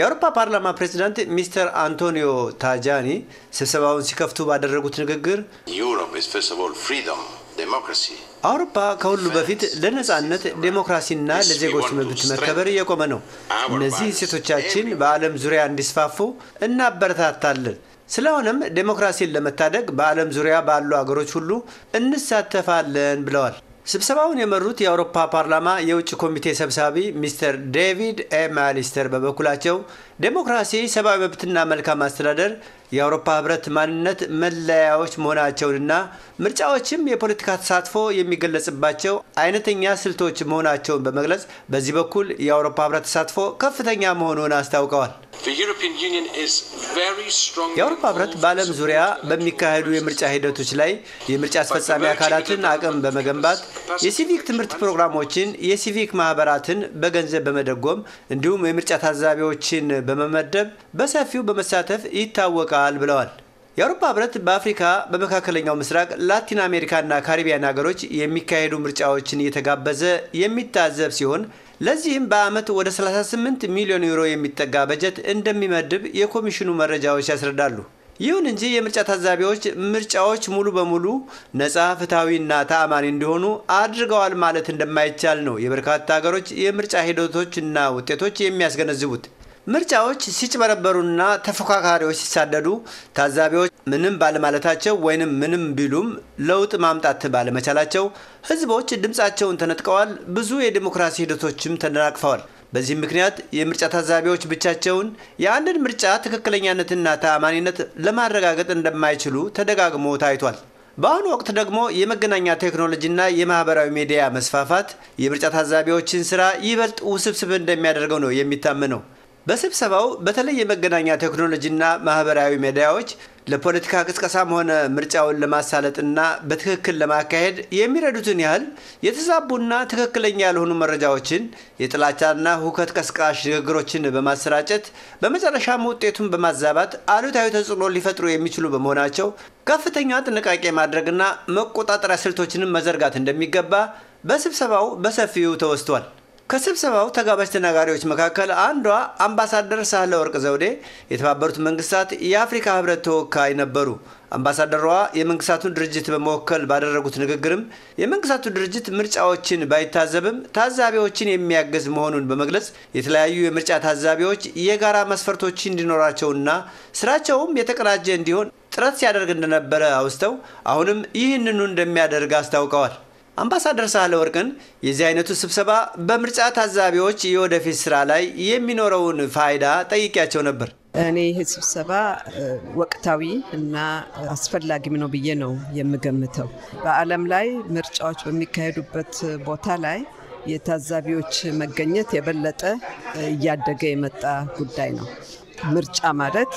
የአውሮፓ ፓርላማ ፕሬዚዳንት ሚስተር አንቶኒዮ ታጃኒ ስብሰባውን ሲከፍቱ ባደረጉት ንግግር አውሮፓ ከሁሉ በፊት ለነጻነት ዴሞክራሲና ለዜጎች መብት መከበር እየቆመ ነው። እነዚህ እሴቶቻችን በዓለም ዙሪያ እንዲስፋፉ እናበረታታለን። ስለሆነም ዴሞክራሲን ለመታደግ በዓለም ዙሪያ ባሉ አገሮች ሁሉ እንሳተፋለን ብለዋል። ስብሰባውን የመሩት የአውሮፓ ፓርላማ የውጭ ኮሚቴ ሰብሳቢ ሚስተር ዴቪድ ኤ ማሊስተር በበኩላቸው ዴሞክራሲ፣ ሰብአዊ መብትና መልካም አስተዳደር የአውሮፓ ህብረት ማንነት መለያዎች መሆናቸውንና ምርጫዎችም የፖለቲካ ተሳትፎ የሚገለጽባቸው አይነተኛ ስልቶች መሆናቸውን በመግለጽ በዚህ በኩል የአውሮፓ ህብረት ተሳትፎ ከፍተኛ መሆኑን አስታውቀዋል። የአውሮፓ ህብረት በዓለም ዙሪያ በሚካሄዱ የምርጫ ሂደቶች ላይ የምርጫ አስፈጻሚ አካላትን አቅም በመገንባት የሲቪክ ትምህርት ፕሮግራሞችን፣ የሲቪክ ማህበራትን በገንዘብ በመደጎም እንዲሁም የምርጫ ታዛቢዎችን በመመደብ በሰፊው በመሳተፍ ይታወቃል ብለዋል። የአውሮፓ ህብረት በአፍሪካ በመካከለኛው ምስራቅ፣ ላቲን አሜሪካና ካሪቢያን ሀገሮች የሚካሄዱ ምርጫዎችን እየተጋበዘ የሚታዘብ ሲሆን ለዚህም በዓመት ወደ 38 ሚሊዮን ዩሮ የሚጠጋ በጀት እንደሚመድብ የኮሚሽኑ መረጃዎች ያስረዳሉ። ይሁን እንጂ የምርጫ ታዛቢዎች ምርጫዎች ሙሉ በሙሉ ነፃ፣ ፍትሐዊና ተአማኒ እንዲሆኑ አድርገዋል ማለት እንደማይቻል ነው የበርካታ ሀገሮች የምርጫ ሂደቶችና ውጤቶች የሚያስገነዝቡት። ምርጫዎች ሲጭበረበሩና ተፎካካሪዎች ሲሳደዱ ታዛቢዎች ምንም ባለማለታቸው ወይንም ምንም ቢሉም ለውጥ ማምጣት ባለመቻላቸው ህዝቦች ድምፃቸውን ተነጥቀዋል። ብዙ የዲሞክራሲ ሂደቶችም ተደናቅፈዋል። በዚህም ምክንያት የምርጫ ታዛቢዎች ብቻቸውን የአንድን ምርጫ ትክክለኛነትና ተአማኒነት ለማረጋገጥ እንደማይችሉ ተደጋግሞ ታይቷል። በአሁኑ ወቅት ደግሞ የመገናኛ ቴክኖሎጂና የማህበራዊ ሚዲያ መስፋፋት የምርጫ ታዛቢዎችን ስራ ይበልጥ ውስብስብ እንደሚያደርገው ነው የሚታመነው። በስብሰባው በተለይ የመገናኛ ቴክኖሎጂና ማህበራዊ ሚዲያዎች ለፖለቲካ ቅስቀሳም ሆነ ምርጫውን ለማሳለጥና በትክክል ለማካሄድ የሚረዱትን ያህል የተዛቡና ትክክለኛ ያልሆኑ መረጃዎችን፣ የጥላቻና ሁከት ቀስቃሽ ንግግሮችን በማሰራጨት በመጨረሻም ውጤቱን በማዛባት አሉታዊ ተጽዕኖ ሊፈጥሩ የሚችሉ በመሆናቸው ከፍተኛ ጥንቃቄ ማድረግና መቆጣጠሪያ ስልቶችንም መዘርጋት እንደሚገባ በስብሰባው በሰፊው ተወስቷል። ከስብሰባው ተጋባዥ ተናጋሪዎች መካከል አንዷ አምባሳደር ሳህለ ወርቅ ዘውዴ የተባበሩት መንግስታት የአፍሪካ ህብረት ተወካይ ነበሩ። አምባሳደሯ የመንግስታቱን ድርጅት በመወከል ባደረጉት ንግግርም የመንግስታቱ ድርጅት ምርጫዎችን ባይታዘብም ታዛቢዎችን የሚያግዝ መሆኑን በመግለጽ የተለያዩ የምርጫ ታዛቢዎች የጋራ መስፈርቶች እንዲኖራቸውና ስራቸውም የተቀናጀ እንዲሆን ጥረት ሲያደርግ እንደነበረ አውስተው አሁንም ይህንኑ እንደሚያደርግ አስታውቀዋል። አምባሳደር ሳህለ ወርቅን የዚህ አይነቱ ስብሰባ በምርጫ ታዛቢዎች የወደፊት ስራ ላይ የሚኖረውን ፋይዳ ጠይቄያቸው ነበር። እኔ ይህ ስብሰባ ወቅታዊ እና አስፈላጊም ነው ብዬ ነው የምገምተው። በዓለም ላይ ምርጫዎች በሚካሄዱበት ቦታ ላይ የታዛቢዎች መገኘት የበለጠ እያደገ የመጣ ጉዳይ ነው። ምርጫ ማለት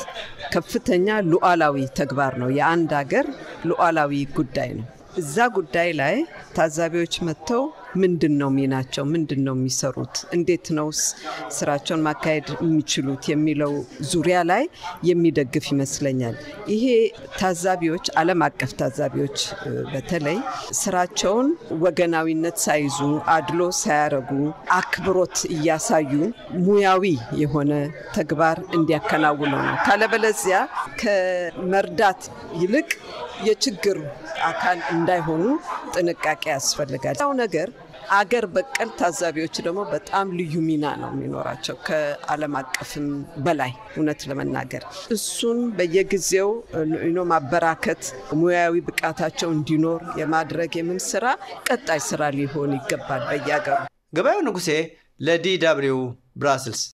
ከፍተኛ ሉዓላዊ ተግባር ነው። የአንድ ሀገር ሉዓላዊ ጉዳይ ነው። እዛ ጉዳይ ላይ ታዛቢዎች መጥተው ምንድን ነው ሚናቸው? ምንድን ነው የሚሰሩት? እንዴት ነው ስራቸውን ማካሄድ የሚችሉት? የሚለው ዙሪያ ላይ የሚደግፍ ይመስለኛል። ይሄ ታዛቢዎች፣ ዓለም አቀፍ ታዛቢዎች በተለይ ስራቸውን ወገናዊነት ሳይዙ አድሎ ሳያረጉ አክብሮት እያሳዩ ሙያዊ የሆነ ተግባር እንዲያከናውኑ ነው። ካለበለዚያ ከመርዳት ይልቅ የችግር አካል እንዳይሆኑ ጥንቃቄ ያስፈልጋል። ያው ነገር አገር በቀል ታዛቢዎች ደግሞ በጣም ልዩ ሚና ነው የሚኖራቸው ከዓለም አቀፍም በላይ እውነት ለመናገር እሱን በየጊዜው ኖ ማበራከት ሙያዊ ብቃታቸው እንዲኖር የማድረግ የምን ስራ ቀጣይ ስራ ሊሆን ይገባል በየአገሩ። ገበያው ንጉሴ ለዲ ደብልዩ ብራስልስ